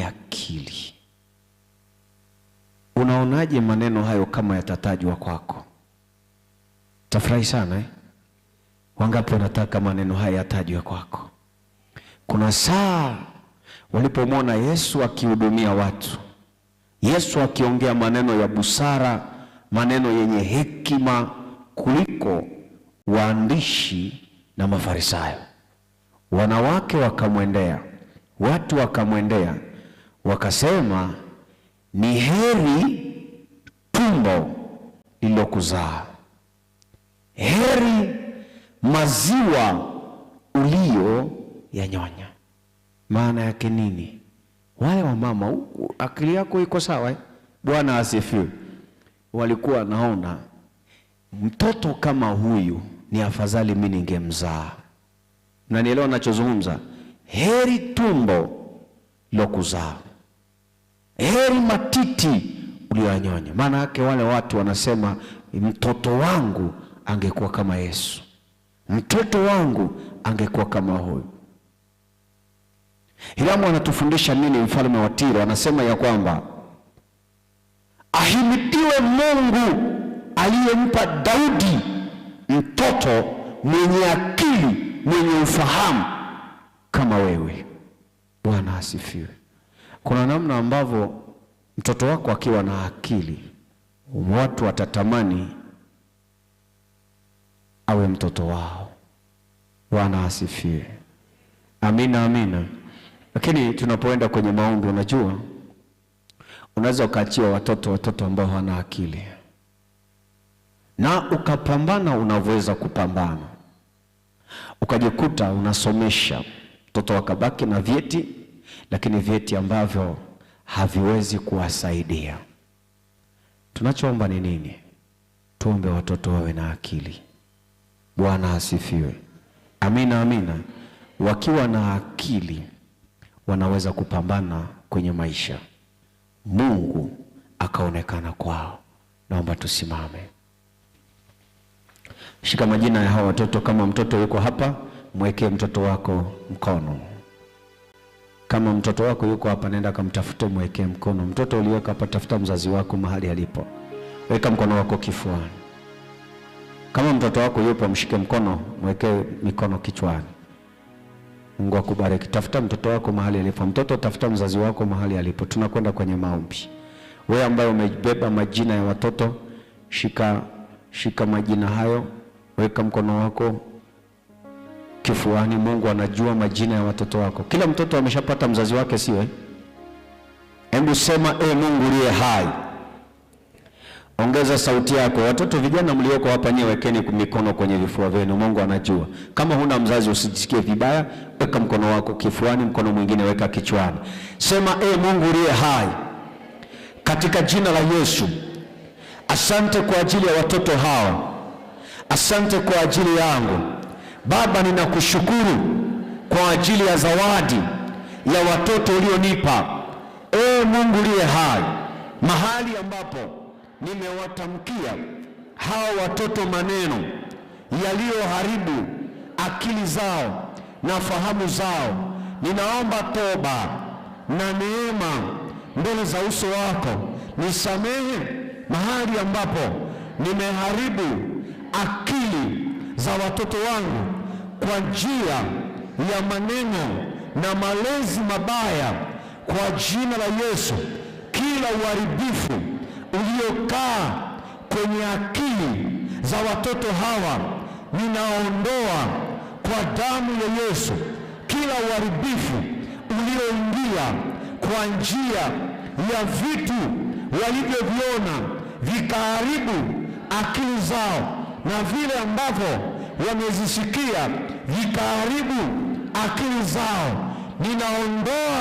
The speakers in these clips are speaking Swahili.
kwenye akili. Unaonaje maneno hayo kama yatatajwa kwako? Tafurahi sana eh? Wangapi wanataka maneno haya yatajwe kwako? Kuna saa walipomwona Yesu akihudumia watu, Yesu akiongea maneno ya busara, maneno yenye hekima kuliko waandishi na Mafarisayo. Wanawake wakamwendea, watu wakamwendea wakasema ni heri tumbo lililokuzaa, heri maziwa ya yanyonya. Maana yake nini? Wale wamama, akili yako iko sawa eh? Bwana asifiwe. Walikuwa naona mtoto kama huyu ni afadhali mimi ningemzaa. Mnanielewa nachozungumza? Heri tumbo lokuzaa heri matiti ulioyanyonya. Maana yake wale watu wanasema mtoto wangu angekuwa kama Yesu, mtoto wangu angekuwa kama huyu. Hiramu anatufundisha nini? Mfalme wa Tiro anasema ya kwamba ahimidiwe Mungu aliyempa Daudi mtoto mwenye akili mwenye ufahamu kama wewe. Bwana asifiwe. Kuna namna ambavyo mtoto wako akiwa na akili, watu watatamani awe mtoto wao. Bwana asifiwe. Amina, amina. Lakini tunapoenda kwenye maombi, unajua unaweza ukaachia watoto watoto ambao hawana akili na ukapambana unavyoweza kupambana, ukajikuta unasomesha mtoto akabaki na vyeti lakini vyeti ambavyo haviwezi kuwasaidia. Tunachoomba ni nini? Tuombe watoto wawe na akili. Bwana asifiwe. Amina, amina. Wakiwa na akili wanaweza kupambana kwenye maisha, Mungu akaonekana kwao. Naomba tusimame, shika majina ya hawa watoto. Kama mtoto yuko hapa, mwekee mtoto wako mkono. Kama mtoto wako yuko hapa, nenda kamtafute, mwekee mkono. Mtoto uliweka hapa, tafuta mzazi wako mahali alipo, weka mkono wako kifuani. Kama mtoto wako yupo, mshike mkono, mwekee mikono kichwani. Mungu akubariki. Tafuta mtoto wako mahali alipo, mtoto tafuta mzazi wako mahali alipo. Tunakwenda kwenye maombi. Wewe ambaye umebeba majina ya watoto, shika shika majina hayo, weka mkono wako kifuani. Mungu anajua majina ya watoto wako. Kila mtoto ameshapata mzazi wake, sio? Eh? Hebu sema e Mungu uliye hai. Ongeza sauti yako. Watoto vijana mlioko hapa, nyewe wekeni mikono kwenye vifua vyenu. Mungu anajua. Kama huna mzazi, usijisikie vibaya, weka mkono wako kifuani, mkono mwingine weka kichwani. Sema e Mungu uliye hai, katika jina la Yesu, asante kwa ajili ya watoto hawa, asante kwa ajili yangu Baba, ninakushukuru kwa ajili ya zawadi ya watoto ulionipa, ee Mungu uliye hai, mahali ambapo nimewatamkia hawa watoto maneno yaliyoharibu akili zao na fahamu zao. Ninaomba toba na neema mbele za uso wako, nisamehe mahali ambapo nimeharibu akili za watoto wangu kwa njia ya maneno na malezi mabaya, kwa jina la Yesu, kila uharibifu uliokaa kwenye akili za watoto hawa ninaondoa kwa damu ya Yesu. Kila uharibifu ulioingia kwa njia ya vitu walivyoviona vikaharibu akili zao na vile ambavyo wamezisikia vikaharibu akili zao, ninaondoa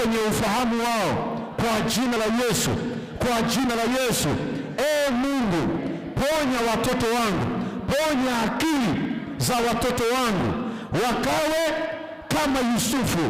kwenye ufahamu wao kwa jina la Yesu, kwa jina la Yesu. E Mungu, ponya watoto wangu, ponya akili za watoto wangu, wakawe kama Yusufu,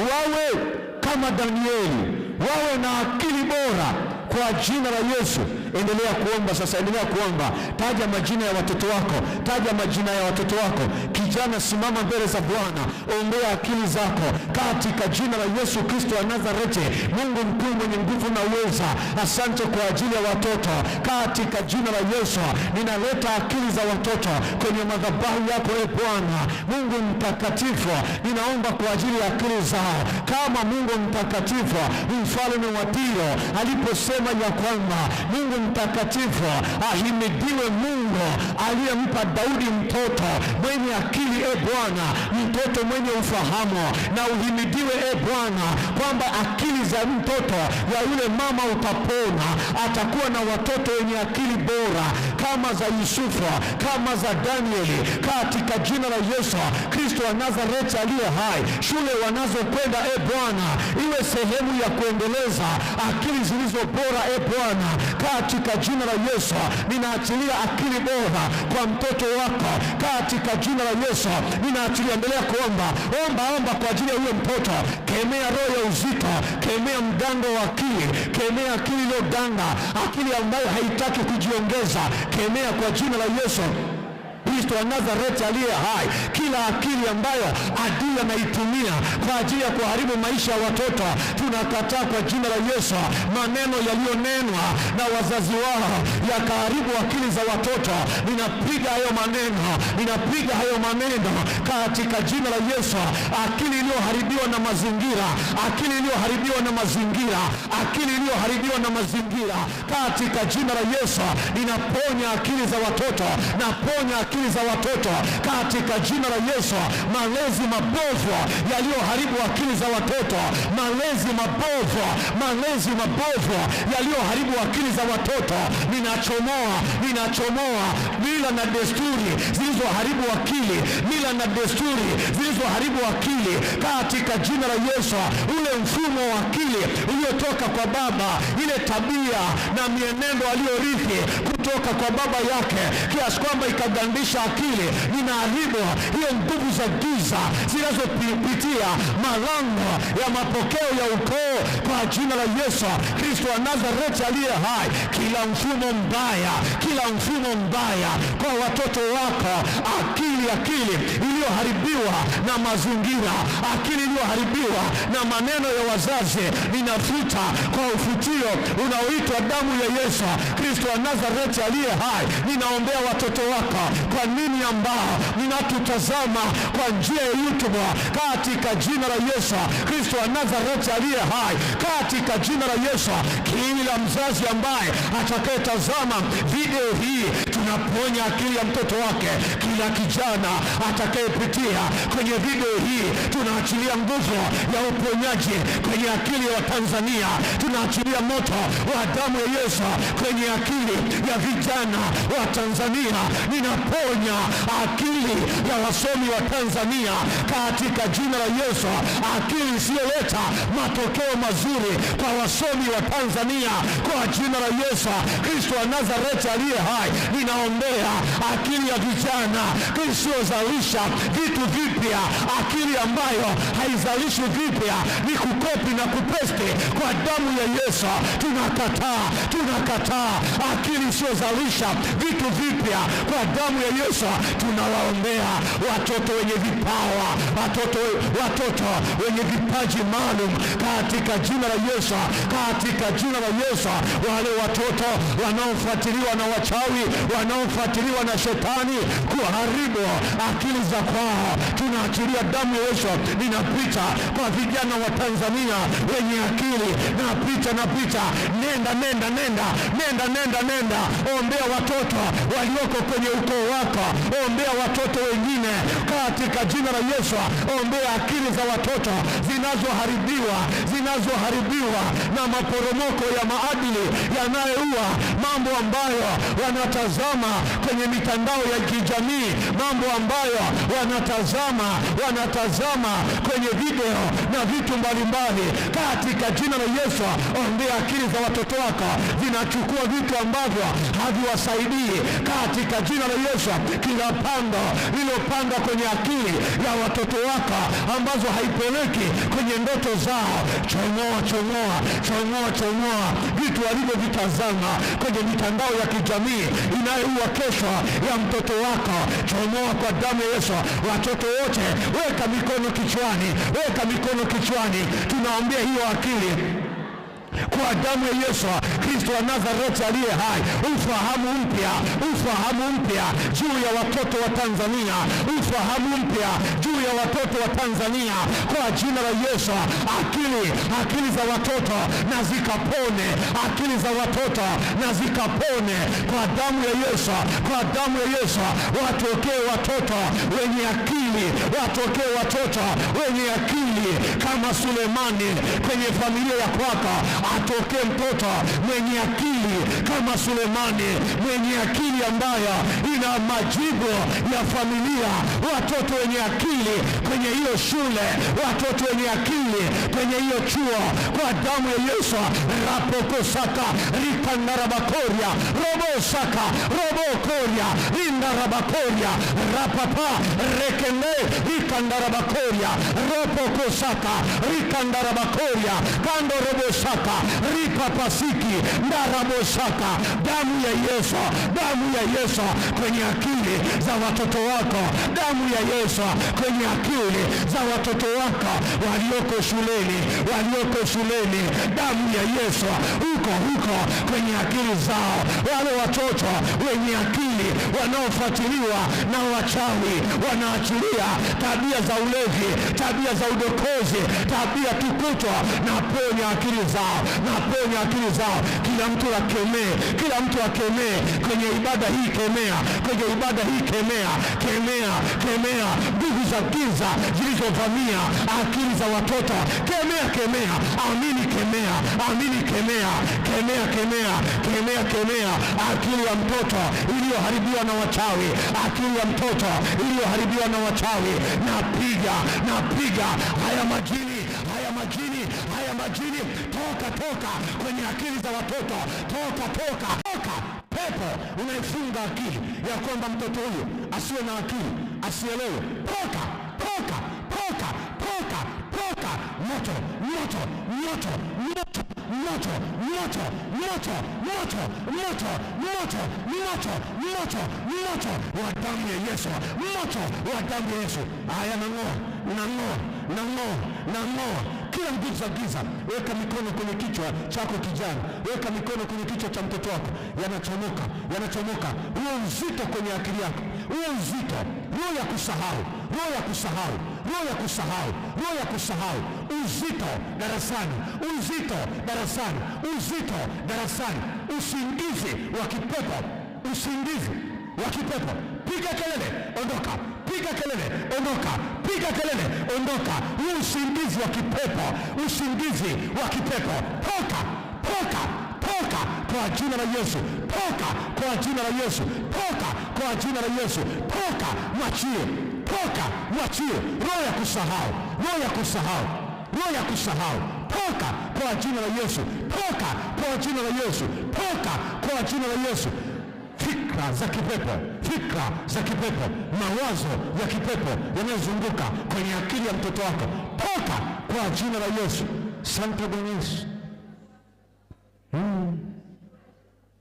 wawe kama Danieli, wawe na akili bora kwa jina la Yesu. Endelea kuomba sasa, endelea kuomba. Taja majina ya watoto wako, taja majina ya watoto wako. Kijana, simama mbele za Bwana, ongea akili zako katika jina la Yesu Kristo wa Nazareti. Mungu mkuu mwenye nguvu na uweza, asante kwa ajili ya watoto katika jina la Yesu. Ninaleta akili za watoto kwenye madhabahu yako, e Bwana Mungu mtakatifu, ninaomba kwa ajili ya akili zao, kama Mungu mtakatifu, mfalme wa Tiro aliposema ya kwamba Mungu mtakatifu. Ahimidiwe Mungu aliyempa Daudi mtoto mwenye akili, e Bwana, mtoto mwenye ufahamu. Na uhimidiwe e Bwana kwamba akili za mtoto ya yule mama utapona, atakuwa na watoto wenye akili bora kama za Yusufu, kama za Danieli, katika jina la Yesu Kristo wa Nazareti aliye hai. Shule wanazokwenda e Bwana, iwe sehemu ya kuendeleza akili zilizo bora e Bwana katika jina la Yesu. Ninaachilia akili bora kwa mtoto wako katika jina la Yesu. Ninaachilia, endelea kuomba, omba omba kwa ajili ya huyo mtoto. Kemea roho ya uzito, kemea mdango wa akili, kemea akili iliyoganda, akili ambayo haitaki kujiongeza, kemea kwa jina la Yesu. Kristo wa Nazareti aliye hai. Kila akili ambayo adui anaitumia kwa ajili ya kuharibu maisha ya watoto tunakataa kwa jina la Yesu. Maneno yaliyonenwa na wazazi wao yakaharibu akili za watoto, ninapiga hayo maneno, ninapiga hayo maneno katika jina la Yesu. Akili iliyoharibiwa na mazingira, akili iliyoharibiwa na mazingira, akili iliyoharibiwa na mazingira, katika jina la Yesu ninaponya akili za watoto, naponya akili za watoto katika jina la Yesu. Malezi mabovu yaliyoharibu akili za watoto, malezi mabovu, malezi mabovu yaliyoharibu akili za watoto, ninachomoa, ninachomoa mila na desturi zilizoharibu akili, mila na desturi zilizoharibu akili katika jina la Yesu. Ule mfumo wa akili uliotoka kwa baba, ile tabia na mienendo aliyorithi kutoka kwa baba yake kiasi kwamba ikagandisha akili, ninaharibu hiyo nguvu za giza zinazopitia malango ya mapokeo ya ukoo kwa jina la Yesu Kristo wa Nazareti aliye hai. Kila mfumo mbaya, kila mfumo mbaya kwa watoto wako, akili akili iliyoharibiwa na mazingira, akili iliyoharibiwa na maneno ya wazazi, ninafuta kwa ufutio unaoitwa damu ya Yesu Kristo wa Nazareti aliye hai. Ninaombea watoto wako, kwa nini ambao ninatutazama kwa njia ya YouTube, katika jina la Yesu Kristo wa Nazareti aliye hai, katika jina la Yesu. Kila mzazi ambaye atakayetazama video hii anaponya akili ya mtoto wake. Kila kijana atakayepitia kwenye video hii, tunaachilia nguvu ya uponyaji kwenye akili ya Watanzania, tunaachilia moto wa damu ya Yesu kwenye akili ya vijana wa Tanzania. Ninaponya akili ya wasomi wa Tanzania katika jina la Yesu, akili isiyoleta matokeo mazuri kwa wasomi wa Tanzania kwa jina la Yesu Kristo wa Nazareti aliye hai nina ninaombea akili ya vijana isiyozalisha vitu vipya, akili ambayo haizalishi vipya ni kukopi na kupeste. Kwa damu ya Yesu tunakataa, tunakataa akili isiyozalisha vitu vipya. Kwa damu ya Yesu tunawaombea watoto wenye vipawa, watoto, watoto wenye vipaji maalum katika jina la Yesu, katika jina la Yesu, wale watoto wanaofuatiliwa na wachawi wa wanaofuatiliwa na shetani kuharibu akili za kwao. Tunaachilia damu ya Yesu inapita kwa vijana wa Tanzania wenye akili, na picha na picha, nenda nenda nenda nenda nenda nenda, ombea watoto walioko kwenye ukoo wako, ombea watoto wengine katika jina la Yesu, ombea akili za watoto zinazoharibiwa zinazoharibiwa na maporomoko ya maadili yanayoua mambo ambayo wanatazama wanatazama kwenye mitandao ya kijamii mambo ambayo wanatazama wanatazama kwenye video na vitu mbalimbali. Katika jina la Yesu, ombea akili za watoto wako vinachukua vitu ambavyo haviwasaidii katika jina la Yesu. Kila pango lilopandwa kwenye akili ya watoto wako ambazo haipeleki kwenye ndoto zao, chomoa chomoa chomoa chomoa, vitu walivyovitazama kwenye mitandao ya kijamii inayo hii ya kesho ya mtoto wako, chomoa kwa damu ya Yesu. Watoto wote weka mikono kichwani, weka mikono kichwani, tunaombea hiyo akili kwa damu ya Yesu Kristo wa Nazareti aliye hai, ufahamu mpya, ufahamu mpya juu ya watoto wa Tanzania, ufahamu mpya juu ya watoto wa Tanzania kwa jina la Yesu. Akili akili za watoto na zikapone, akili za watoto na zikapone kwa damu ya Yesu, kwa damu ya Yesu. Watokee watoto wenye akili, watokee watoto wenye akili kama Sulemani kwenye familia ya kwako atokee mtoto mwenye akili kama Sulemani, mwenye akili ambayo ina majibu ya familia, watoto wenye akili kwenye hiyo shule, watoto wenye akili kwenye hiyo chuo, kwa damu ya Yesu. rapokosaka robo robosaka robokoria indarabakoria rapapa rekende rikandarabakoria ropokosaka rikandarabakoria kando robosaka ripapasiki ndaraboshaka. Damu ya Yesu, damu ya Yesu kwenye akili za watoto wako, damu ya Yesu kwenye akili za watoto wako walioko shuleni, walioko shuleni, damu ya Yesu huko huko kwenye akili zao, wale watoto wenye akili akili wanaofuatiliwa na wachawi, wanaachilia tabia za ulevi, tabia za udokozi, tabia tukutwa na ponya akili zao, na ponya akili zao. Kila mtu akemee, kila mtu akemee kwenye ibada hii, kemea kwenye ibada hii, kemea, kemea, kemea nguvu za giza zilizovamia akili za watoto, kemea, kemea, amini, kemea, amini, kemea, kemea, kemea, kemea, kemea, kemea akili ya mtoto iliyo iliyoharibiwa na wachawi, akili ya mtoto iliyoharibiwa na wachawi, napiga napiga haya majini haya majini haya majini, toka toka kwenye akili za watoto, toka toka toka. Pepo unaifunga akili ya kwamba mtoto huyo asiwe na akili, asielewe, toka toka toka toka toka, moto moto moto moto moto moto moto moto moto moto moto moto moto wa damu ya Yesu, moto wa damu ya Yesu. Haya, nang'oa nang'oa nang'oa nang'oa kila nguvu za giza. Weka mikono kwenye kichwa chako kijana, weka mikono kwenye kichwa cha mtoto wako. Yanachomoka, yanachomoka. Huo uzito kwenye akili yako, huo uzito, roho ya kusahau, roho ya kusahau roho ya kusahau, roho ya kusahau, uzito darasani, uzito darasani, uzito darasani, usingizi wa kipepo, usingizi wa kipepo. Piga kelele, ondoka, piga kelele, ondoka, piga kelele, ondoka. Huu usingizi wa kipepo, usingizi wa kipepo, toka, toka, toka kwa jina la Yesu, toka kwa jina la Yesu, toka kwa jina la Yesu, toka, mwachie poka, mwachie roho ya kusahau, roho ya kusahau, roho ya kusahau. poka kwa jina la Yesu, poka kwa jina la Yesu, poka kwa jina la Yesu. Fikra za kipepo, fikra za kipepo, mawazo ya kipepo yanayozunguka kwenye akili ya mtoto wako, poka kwa jina la Yesu. Santo Dominus. Mm.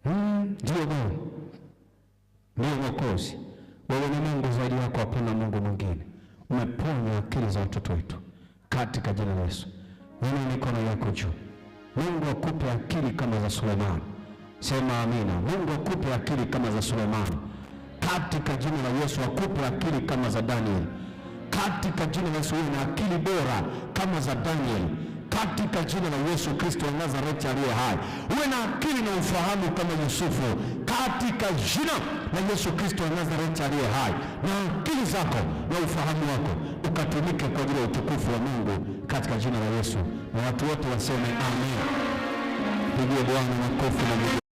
Mm. Ndio Mungu, mm. mm wewe ni Mungu zaidi yako hapana Mungu mwingine. Umeponya akili za watoto wetu katika jina la Yesu. Nina mikono yako juu. Mungu akupe akili kama za Sulemani. Sema amina. Mungu akupe akili kama za Sulemani katika jina la Yesu. Akupe akili kama za Daniel katika jina la Yesu. Uwe na akili bora kama za Daniel katika jina la Yesu Kristo wa Nazareti aliye hai. Uwe na akili na ufahamu kama Yusufu katika jina la Yesu Kristo wa Nazareti aliye hai, na akili zako na ufahamu wako ukatumike kwa ajili ya utukufu wa Mungu katika jina la Yesu, na watu wote waseme amen. Pigie Bwana makofi na